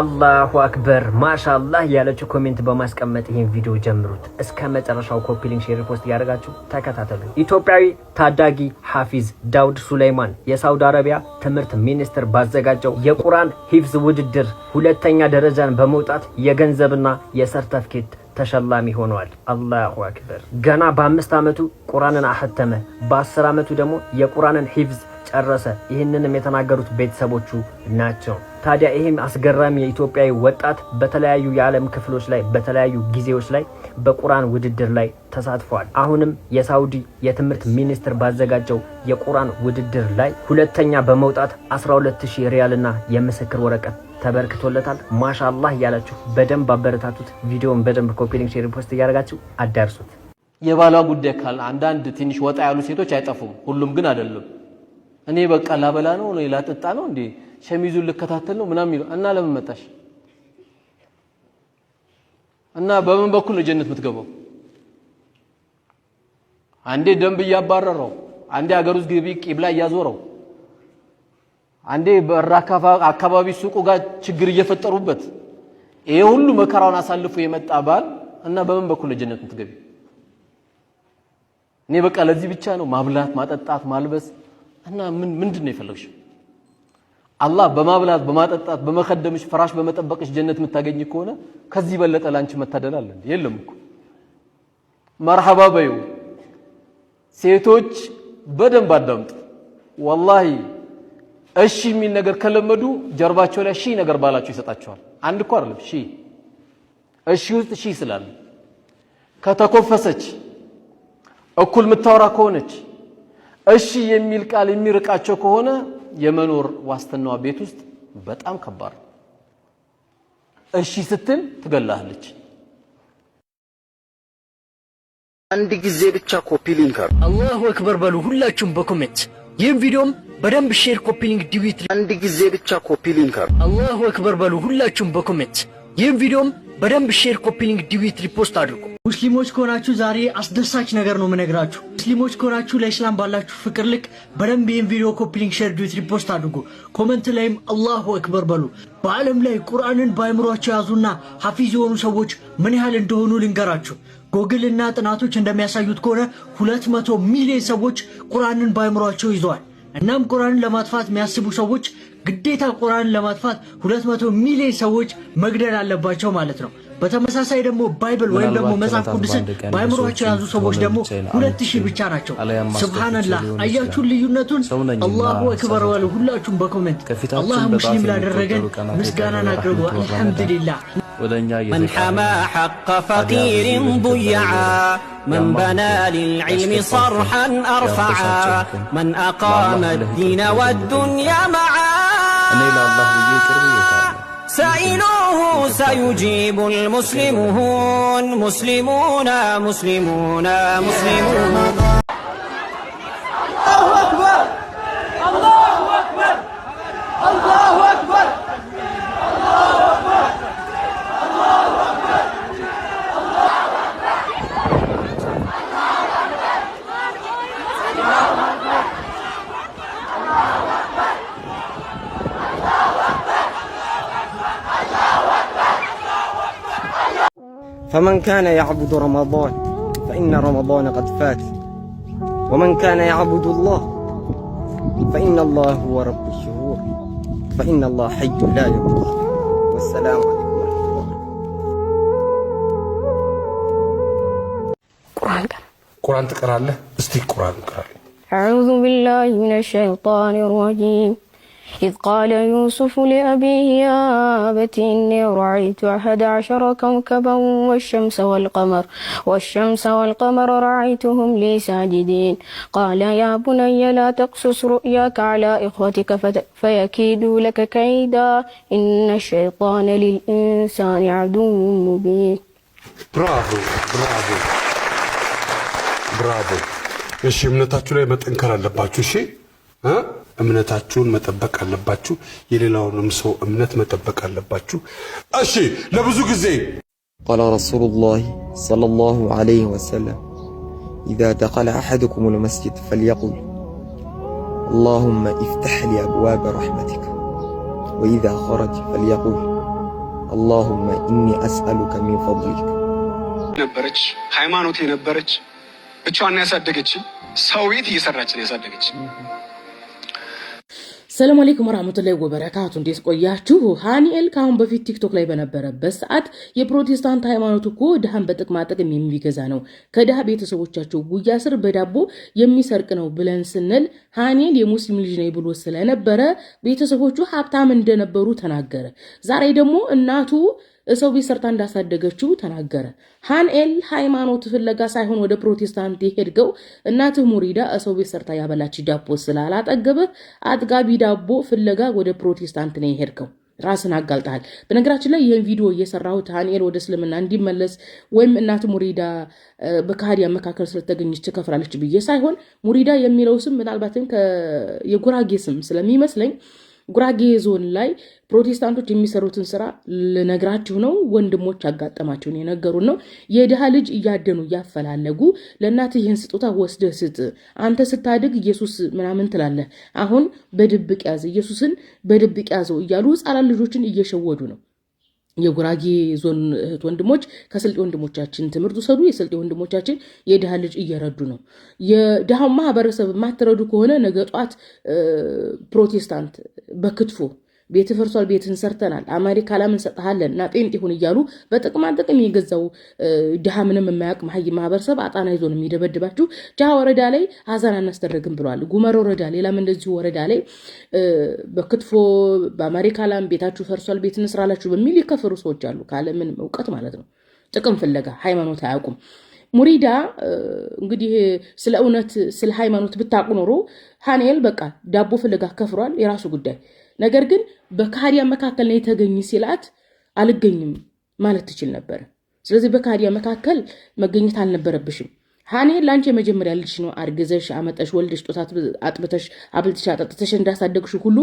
አላሁ አክበር ማሻላህ ያለችው ኮሜንት በማስቀመጥ ይህን ቪዲዮ ጀምሩት እስከ መጨረሻው። ኮፒሊንግ ሼር ፖስት እያደረጋችሁ ተከታተሉ። ኢትዮጵያዊ ታዳጊ ሐፊዝ ዳውድ ሱለይማን የሳውዲ አረቢያ ትምህርት ሚኒስትር ባዘጋጀው የቁርአን ሂፍዝ ውድድር ሁለተኛ ደረጃን በመውጣት የገንዘብና የሰርተፍኬት ተሸላሚ ሆነዋል። አላሁ አክበር። ገና በአምስት ዓመቱ ቁርአንን አሐተመ። በአስር ዓመቱ ደግሞ የቁርአንን ሂፍዝ ጨረሰ። ይህንንም የተናገሩት ቤተሰቦቹ ናቸው። ታዲያ ይህም አስገራሚ የኢትዮጵያዊ ወጣት በተለያዩ የዓለም ክፍሎች ላይ በተለያዩ ጊዜዎች ላይ በቁርአን ውድድር ላይ ተሳትፏል። አሁንም የሳውዲ የትምህርት ሚኒስቴር ባዘጋጀው የቁርአን ውድድር ላይ ሁለተኛ በመውጣት 12000 ሪያልና የምስክር ወረቀት ተበርክቶለታል። ማሻላህ እያላችሁ በደንብ አበረታቱት። ቪዲዮውን በደንብ ኮፒሊንግ፣ ሼር፣ ፖስት እያደረጋችሁ አዳርሱት። የባሏ ጉዳይ ካል አንዳንድ ትንሽ ወጣ ያሉ ሴቶች አይጠፉም፣ ሁሉም ግን አይደለም። እኔ በቃ ላበላ ነው ነው ላጠጣ ነው እንዴ ሸሚዙን ልከታተል ነው ምናምን ይሉ እና ለምን መጣሽ እና በምን በኩል ነው ጀነት የምትገባው? አንዴ ደንብ እያባረረው፣ አንዴ አገር ውስጥ ግቢ ቂብላ እያዞረው፣ አንዴ በራካፋ አካባቢ ሱቁ ጋር ችግር እየፈጠሩበት ይሄ ሁሉ መከራውን አሳልፎ የመጣ ባል እና በምን በኩል ነው ጀነት የምትገቢ? እኔ በቃ ለዚህ ብቻ ነው ማብላት፣ ማጠጣት፣ ማልበስ እና ምን ምንድን ነው የፈለግሽ? አላህ በማብላት በማጠጣት በመከደምሽ ፍራሽ በመጠበቅሽ ጀነት የምታገኝ ከሆነ ከዚህ በለጠ ላንቺ መታደል አለ የለም እኮ። መርሐባ ሴቶች በደንብ አዳምጡ። ወላሂ እሺ የሚል ነገር ከለመዱ ጀርባቸው ላይ ሺህ ነገር ባላቸው ይሰጣቸዋል። አንድ እኮ አይደለም ሺህ፣ እሺ ውስጥ ሺህ ስላለ ከተኮፈሰች እኩል የምታወራ ከሆነች እሺ የሚል ቃል የሚርቃቸው ከሆነ የመኖር ዋስትናዋ ቤት ውስጥ በጣም ከባድ ነው። እሺ ስትል ትገላለች። አንድ ጊዜ ብቻ ኮፒ ሊንክ አሉ። አላሁ አክበር በሉ ሁላችሁም በኮሜንት ይህም ቪዲዮም በደንብ ሼር፣ ኮፒ ሊንክ፣ ዲዊት። አንድ ጊዜ ብቻ ኮፒ ሊንክ አሉ። አላሁ አክበር በሉ ሁላችሁም በኮሜንት ይህም ቪዲዮም በደንብ ሼር፣ ኮፒ ሊንክ፣ ዲዊት፣ ሪፖስት አድርጉ። ሙስሊሞች ከሆናችሁ ዛሬ አስደሳች ነገር ነው የምነግራችሁ። ሙስሊሞች ከሆናችሁ ለእስላም ባላችሁ ፍቅር ልክ በደንብ ይህን ቪዲዮ ኮፒሊንግ፣ ሼር፣ ዲዩት ሪፖስት አድርጉ። ኮመንት ላይም አላሁ አክበር በሉ። በዓለም ላይ ቁርአንን በአእምሯቸው የያዙና ሀፊዝ የሆኑ ሰዎች ምን ያህል እንደሆኑ ልንገራችሁ። ጎግልና ጥናቶች እንደሚያሳዩት ከሆነ ሁለት መቶ ሚሊዮን ሰዎች ቁርአንን በአእምሯቸው ይዘዋል። እናም ቁርአንን ለማጥፋት የሚያስቡ ሰዎች ግዴታ ቁርአንን ለማጥፋት ሁለት መቶ ሚሊዮን ሰዎች መግደል አለባቸው ማለት ነው። በተመሳሳይ ደግሞ ባይብል ወይም ደግሞ መጽሐፍ ቅዱስን በአይምሯቸው የያዙ ሰዎች ደግሞ ሁለት ሺህ ብቻ ናቸው። ስብሓንላህ አያችሁን ልዩነቱን። አላሁ አክበር በሉ ሁላችሁም በኮሜንት አላህ ሙስሊም ላደረገን ምስጋናን አቅርቡ። አልሐምዱሊላህ من حمى حق فقير ضيعا من بنى للعلم صرحا أرفعا من أقام الدين والدنيا معا سائلوه سيجيب المسلمون مسلمون مسلمون مسلمون فمن كان يعبد رمضان فإن رمضان قد فات ومن كان يعبد الله فإن الله هو رب الشهور فإن الله حي لا يموت والسلام عليكم ورحمة الله قرآن قرآن تقرأ له استيق قرآن أعوذ بالله من الشيطان الرجيم إذ قال يوسف لأبيه يا أبت إني رعيت أحد عشر كوكبا والشمس والقمر والشمس والقمر رعيتهم لي ساجدين قال يا بني لا تقصص رؤياك على إخوتك فيكيدوا لك كيدا إن الشيطان للإنسان عدو مبين برافو برافو برافو እሺ እምነታችሁ ላይ መጠንከር አለባችሁ እሺ እምነታችሁን መጠበቅ አለባችሁ የሌላውንም ሰው እምነት መጠበቅ አለባችሁ እሺ ለብዙ ጊዜ قال رسول الله صلى الله عليه وسلم إذا دخل أحدكم المسجد فليقل اللهم افتح لي أبواب رحمتك وإذا خرج فليقل اللهم إني أسألك من فضلك نبرج حيمانو تي نبرج بچوان ناسا دقيتش ساويت يسرعج ناسا دقيتش ሰላም አለይኩም ወራህመቱላሂ ወበረካቱ። እንዴት ቆያችሁ? ሃኒኤል ከአሁን በፊት ቲክቶክ ላይ በነበረበት ሰዓት የፕሮቴስታንት ሃይማኖት እኮ ድሃን በጥቅማ ጥቅም የሚገዛ ነው፣ ከድሃ ቤተሰቦቻቸው ጉያ ስር በዳቦ የሚሰርቅ ነው ብለን ስንል ሃኒኤል የሙስሊም ልጅ ነኝ ብሎ ስለነበረ ቤተሰቦቹ ሀብታም እንደነበሩ ተናገረ። ዛሬ ደግሞ እናቱ እሰው ቤት ሰርታ እንዳሳደገችው ተናገረ። ሃንኤል ሃይማኖት ፍለጋ ሳይሆን ወደ ፕሮቴስታንት የሄድገው እናትህ ሙሪዳ እሰው ቤት ሰርታ ያበላች ዳቦ ስላላጠገበ አጥጋቢ ዳቦ ፍለጋ ወደ ፕሮቴስታንት ነው የሄድከው። ራስን አጋልጠሃል። በነገራችን ላይ ይህን ቪዲዮ እየሰራሁት ሃንኤል ወደ እስልምና እንዲመለስ ወይም እናት ሙሪዳ በካህዲያን መካከል ስለተገኘች ትከፍላለች ብዬ ሳይሆን ሙሪዳ የሚለው ስም ምናልባትም የጉራጌ ስም ስለሚመስለኝ ጉራጌ ዞን ላይ ፕሮቴስታንቶች የሚሰሩትን ስራ ልነግራችሁ ነው። ወንድሞች ያጋጠማቸውን የነገሩን ነው። የድሃ ልጅ እያደኑ እያፈላለጉ ለእናት ይህን ስጦታ ወስደህ ስጥ፣ አንተ ስታድግ ኢየሱስ ምናምን ትላለህ፣ አሁን በድብቅ ያዘ፣ ኢየሱስን በድብቅ ያዘው እያሉ ህፃናት ልጆችን እየሸወዱ ነው። የጉራጌ ዞን እህት ወንድሞች ከስልጤ ወንድሞቻችን ትምህርት ውሰዱ። የስልጤ ወንድሞቻችን የድሃ ልጅ እየረዱ ነው። የድሃው ማህበረሰብ የማትረዱ ከሆነ ነገ ጧት ፕሮቴስታንት በክትፎ ቤት ፈርሷል፣ ቤት ሰርተናል፣ አሜሪካ ላምን እንሰጥሃለን እና ጤንጤ ይሁን እያሉ በጥቅማ ጥቅም የገዛው ድሃ ምንም የማያውቅ መሀይ ማህበረሰብ አጣና ይዞ ነው የሚደበድባችሁ። ጃሃ ወረዳ ላይ ሀዘን አናስደረግም ብለዋል። ጉመር ወረዳ፣ ሌላም እንደዚሁ ወረዳ ላይ በክትፎ በአሜሪካ ላም ቤታችሁ ፈርሷል፣ ቤት እንስራላችሁ በሚል የከፈሩ ሰዎች አሉ፣ ካለምንም እውቀት ማለት ነው። ጥቅም ፍለጋ ሃይማኖት አያውቁም። ሙሪዳ እንግዲህ ስለ እውነት ስለ ሃይማኖት ብታቁ ኖሮ ሃንኤል በቃ ዳቦ ፍለጋ ከፍሯል፣ የራሱ ጉዳይ። ነገር ግን በካህዲያ መካከል ነው የተገኝ ሲላት አልገኝም ማለት ትችል ነበር። ስለዚህ በካህዲያ መካከል መገኘት አልነበረብሽም። ሀኔ ለአንቺ የመጀመሪያ ልጅ ነው። አርግዘሽ አመጠሽ፣ ወልደሽ፣ ጦታ አጥብተሽ፣ አብልትሽ አጠጥተሽ እንዳሳደግሽ ሁሉ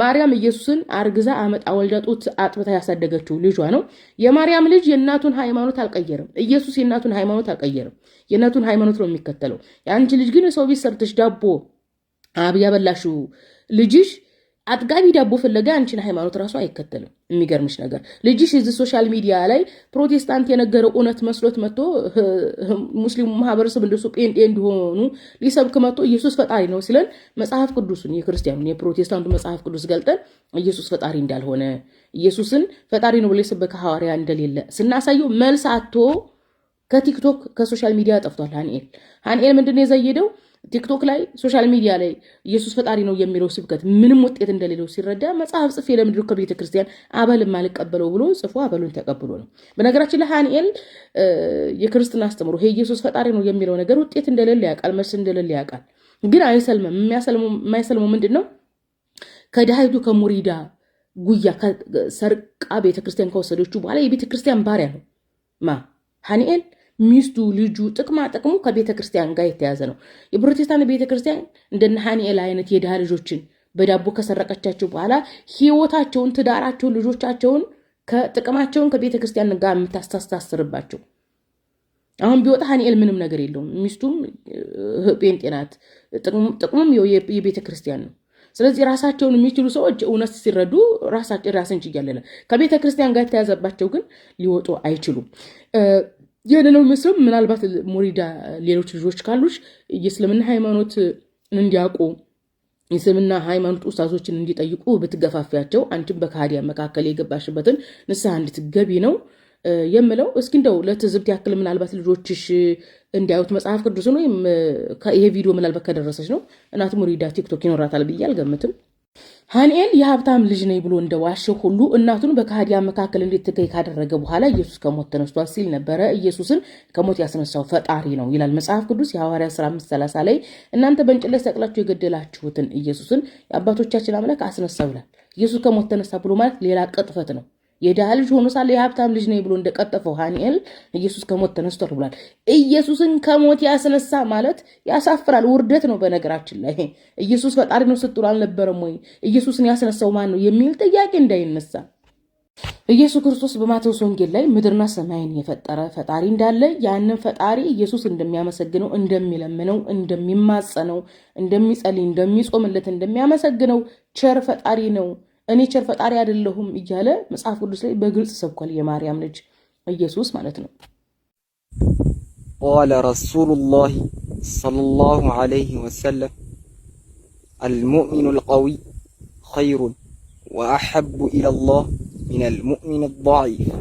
ማርያም ኢየሱስን አርግዛ አመጣ፣ ወልዳ፣ ጡት አጥብታ ያሳደገችው ልጇ ነው። የማርያም ልጅ የእናቱን ሃይማኖት አልቀየርም። ኢየሱስ የእናቱን ሃይማኖት አልቀየርም። የእናቱን ሃይማኖት ነው የሚከተለው። የአንቺ ልጅ ግን የሰው ቤት ሰርተሽ ዳቦ አብያ በላሹ ልጅሽ አጥጋቢ ዳቦ ፍለጋ አንቺን ሃይማኖት ራሱ አይከተልም። የሚገርምሽ ነገር ልጅሽ እዚህ ሶሻል ሚዲያ ላይ ፕሮቴስታንት የነገረው እውነት መስሎት መጥቶ ሙስሊሙ ማህበረሰብ እንደሱ ጴንጤ እንዲሆኑ ሊሰብክ መጥቶ ኢየሱስ ፈጣሪ ነው ሲለን መጽሐፍ ቅዱሱን የክርስቲያኑን የፕሮቴስታንቱ መጽሐፍ ቅዱስ ገልጠን ኢየሱስ ፈጣሪ እንዳልሆነ ኢየሱስን ፈጣሪ ነው ብሎ የሰበከ ሐዋርያ እንደሌለ ስናሳየው መልስ አቶ ከቲክቶክ ከሶሻል ሚዲያ ጠፍቷል። ሀንኤል ሀንኤል ምንድን ነው የዘየደው? ቲክቶክ ላይ ሶሻል ሚዲያ ላይ ኢየሱስ ፈጣሪ ነው የሚለው ስብከት ምንም ውጤት እንደሌለው ሲረዳ መጽሐፍ ጽፌ ለምንድን ከቤተ ክርስቲያን አበል ማልቀበለው ብሎ ጽፎ አበሉን ተቀብሎ ነው። በነገራችን ላይ የክርስትን የክርስትና አስተምሮ ይሄ ኢየሱስ ፈጣሪ ነው የሚለው ነገር ውጤት እንደሌለ ያውቃል፣ መልስ እንደሌለ ያውቃል። ግን አይሰልምም። የማይሰልመው ምንድን ነው? ከድሃይቱ ከሙሪዳ ጉያ ሰርቃ ቤተክርስቲያን ከወሰደችው በኋላ የቤተክርስቲያን ባሪያ ነው ማ ሃኒኤል ሚስቱ፣ ልጁ ጥቅማ ጥቅሙ ከቤተ ክርስቲያን ጋር የተያዘ ነው። የፕሮቴስታንት ቤተ ክርስቲያን እንደነ ሃኒኤል አይነት የድሃ ልጆችን በዳቦ ከሰረቀቻቸው በኋላ ህይወታቸውን፣ ትዳራቸውን፣ ልጆቻቸውን ከጥቅማቸውን ከቤተ ክርስቲያን ጋር የምታስታስርባቸው አሁን ቢወጣ ሃኒኤል ምንም ነገር የለውም። ሚስቱም ጴንጤ ናት። ጥቅሙም የቤተ ክርስቲያን ነው። ስለዚህ ራሳቸውን የሚችሉ ሰዎች እውነት ሲረዱ ራስን ችያለነ ከቤተ ክርስቲያን ጋር የተያዘባቸው ግን ሊወጡ አይችሉም። የሌለው ምስም ምናልባት ሙሪዳ ሌሎች ልጆች ካሉች የእስልምና ሃይማኖት እንዲያውቁ የእስልምና ሃይማኖት ኡስታዞችን እንዲጠይቁ ብትገፋፊያቸው አንቺም በካዲያ መካከል የገባሽበትን ንስሐ እንድትገቢ ነው የምለው። እስኪ እንደው ለትዝብት ያክል ምናልባት ልጆችሽ እንዲያዩት መጽሐፍ ቅዱስን ወይም ይሄ ቪዲዮ ምናልባት ከደረሰች ነው እናት ሙሪዳ ቲክቶክ ይኖራታል ብዬ አልገምትም። ሃንኤል የሀብታም ልጅ ነኝ ብሎ እንደዋሸው ሁሉ እናቱን በከሃዲያን መካከል እንድትገኝ ካደረገ በኋላ ኢየሱስ ከሞት ተነስቷል ሲል ነበረ። ኢየሱስን ከሞት ያስነሳው ፈጣሪ ነው ይላል መጽሐፍ ቅዱስ የሐዋርያ ሥራ ሰላሳ ላይ እናንተ በእንጨት ላይ ሰቅላችሁ የገደላችሁትን ኢየሱስን የአባቶቻችን አምላክ አስነሳው ይላል። ኢየሱስ ከሞት ተነሳ ብሎ ማለት ሌላ ቅጥፈት ነው። የድሃ ልጅ ሆኖ ሳለ የሀብታም ልጅ ነኝ ብሎ እንደቀጠፈው ሃኒኤል ኢየሱስ ከሞት ተነስቷል ብሏል። ኢየሱስን ከሞት ያስነሳ ማለት ያሳፍራል፣ ውርደት ነው። በነገራችን ላይ ኢየሱስ ፈጣሪ ነው ስትሉ አልነበረም ወይ? ኢየሱስን ያስነሳው ማን ነው የሚል ጥያቄ እንዳይነሳ ኢየሱስ ክርስቶስ በማቴዎስ ወንጌል ላይ ምድርና ሰማይን የፈጠረ ፈጣሪ እንዳለ ያንን ፈጣሪ ኢየሱስ እንደሚያመሰግነው፣ እንደሚለምነው፣ እንደሚማጸነው፣ እንደሚጸልይ፣ እንደሚጾምለት እንደሚያመሰግነው ቸር ፈጣሪ ነው። እኔ ቸር ፈጣሪ አይደለሁም እያለ መጽሐፍ ቅዱስ ላይ በግልጽ ሰብኳል። የማርያም ልጅ ኢየሱስ ማለት ነው። ቃለ ረሱሉላህ ሰለላሁ ዐለይሂ ወሰለም አልሙእሚኑ ቀዊ ኸይሩን ወአሐቡ ኢለላህ ሚነል ሙእሚኒ ዷዒፍ